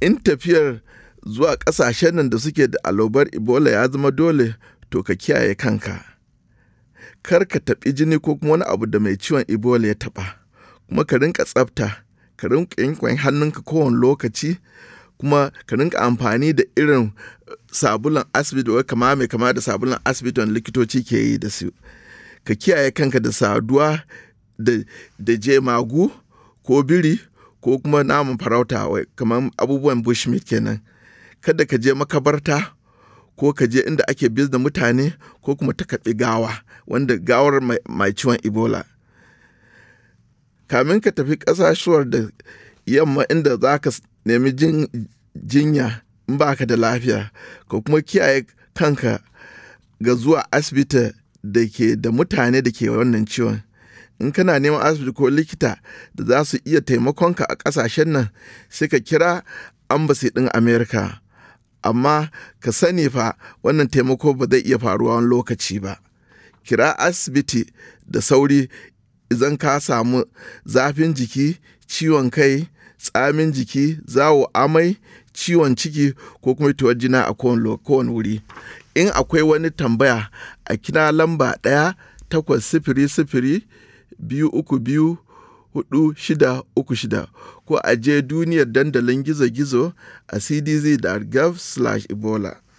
in tafiyar zuwa ƙasashen nan da suke da alobar ebola ya zama dole to ka kiyaye kanka kar ka taɓi jini ko kuma wani abu da mai ciwon ebola ya taɓa kuma ka rinka tsafta ka rinka yankwan hannunka kowane lokaci kuma ka rinka amfani da irin eh, sabulun asibiti wai kama mai kama da sabulun asibiti wani likitoci ke yi da su ka kiyaye kanka da saduwa da jemagu ko biri ko kuma naman farauta kamar abubuwan Bush bushmeat kenan kada ka je makabarta ko ka je inda ake biz da mutane ko kuma ta kaɓi gawa wanda gawar mai ciwon ebola kamin ka tafi ƙasashuwar da yamma inda za ka nemi jinya in ba ka da lafiya ko kuma kiyaye kanka ga zuwa asibiti da ke da mutane da ke wannan ciwon in kana neman asibiti ko likita da za su iya taimakonka a ƙasashen nan sai ka kira ambasi ɗin Amurka amma ka sani fa wannan taimako ba zai iya faruwa wani lokaci ba kira asibiti da sauri idan ka samu zafin jiki ciwon kai tsamin jiki zawo amai ciwon ciki ko kuma tuwar jina a kowane wuri in akwai wani tambaya a kina lamba ɗaya takwas sifiri sifiri biyu uku biyu hudu shida uku shida ko a je duniyar dandalin gizo-gizo a cdz.gov/ebola.